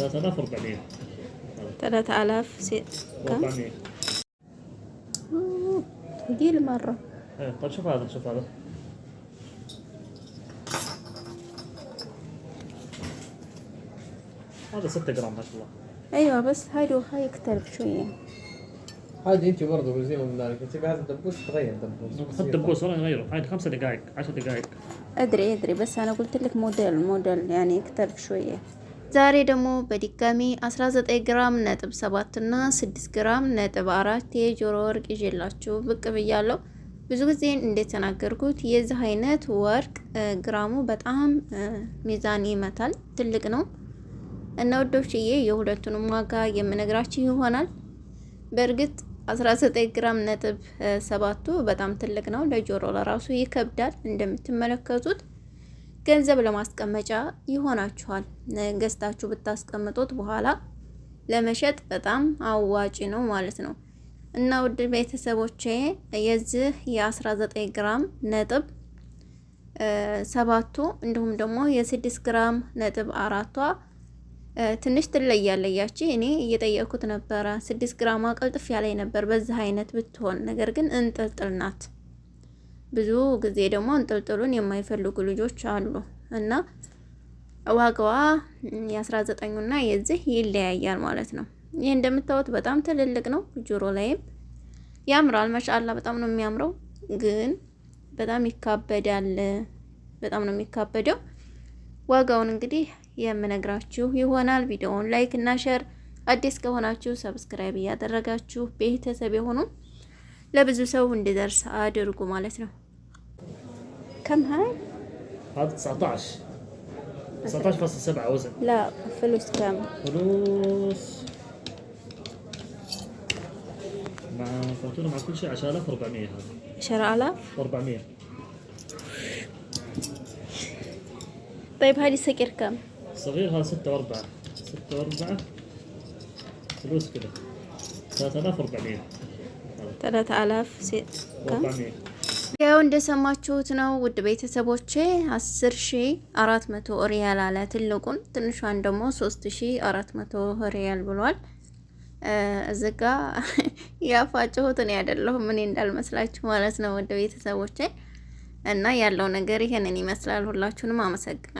3400 3000 كم؟ 400 ثقيل مرة طيب شوف هذا شوف هذا هذا 6 جرام ما شاء الله ايوه بس هاي هاي يختلف شوية هذه انت برضه زي ما قلنا لك تبي هذا الدبوس تغير دبوس خذ دبوس والله نغيره عاد خمسة دقائق 10 دقائق ادري ادري بس انا قلت لك موديل موديل يعني يختلف شوية ዛሬ ደግሞ በድጋሚ 19 ግራም ነጥብ 7 እና 6 ግራም ነጥብ 4 የጆሮ ወርቅ ይዤላችሁ ብቅ ብያለሁ። ብዙ ጊዜ እንደተናገርኩት የዚህ አይነት ወርቅ ግራሙ በጣም ሚዛን ይመታል፣ ትልቅ ነው እና ውዶችዬ የሁለቱንም ዋጋ የምነግራችሁ ይሆናል። በእርግጥ 19 ግራም ነጥብ ሰባቱ በጣም ትልቅ ነው፣ ለጆሮ ለራሱ ይከብዳል እንደምትመለከቱት ገንዘብ ለማስቀመጫ ይሆናችኋል። ገዝታችሁ ብታስቀምጡት በኋላ ለመሸጥ በጣም አዋጭ ነው ማለት ነው። እና ውድ ቤተሰቦቼ የዚህ የ19 ግራም ነጥብ ሰባቱ እንዲሁም ደግሞ የ6 ግራም ነጥብ አራቷ ትንሽ ትለያለያች እኔ እየጠየቅኩት ነበረ። 6 ግራማ ቀልጥፍ ያለኝ ነበር በዚህ አይነት ብትሆን፣ ነገር ግን እንጥልጥል ናት። ብዙ ጊዜ ደግሞ እንጥልጥሉን የማይፈልጉ ልጆች አሉ እና ዋጋዋ የአስራ ና የዚህ ይለያያል ማለት ነው። ይህ እንደምታዩት በጣም ትልልቅ ነው። ጆሮ ላይም ያምራል። መሻአላ በጣም ነው የሚያምረው፣ ግን በጣም ይካበዳል። በጣም ነው የሚካበደው። ዋጋውን እንግዲህ የምነግራችሁ ይሆናል። ቪዲዮውን ላይክ እና ሼር፣ አዲስ ከሆናችሁ ሰብስክራይብ እያደረጋችሁ ቤተሰብ የሆኑ ለብዙ ሰው እንዲደርስ አድርጉ ማለት ነው። كم هاي؟ هذا 19 19.7 وزن لا فلوس فلوس مع فاتورة مع كل شيء 10400 هذا طيب هذه صغير كم؟ صغير هذا 6 و4 6 و4 فلوس كذا 3400 ጥረት አላፍ ያው እንደሰማችሁት ነው ውድ ቤተሰቦቼ፣ 10400 ሪያል አለ ትልቁን፣ ትንሿን ደግሞ 3400 ሪያል ብሏል። እዚጋ ያፋጨሁት እኔ አይደለሁም እኔ እንዳልመስላችሁ ማለት ነው ውድ ቤተሰቦቼ። እና ያለው ነገር ይሄንን ይመስላል። ሁላችሁንም አመሰግናለሁ።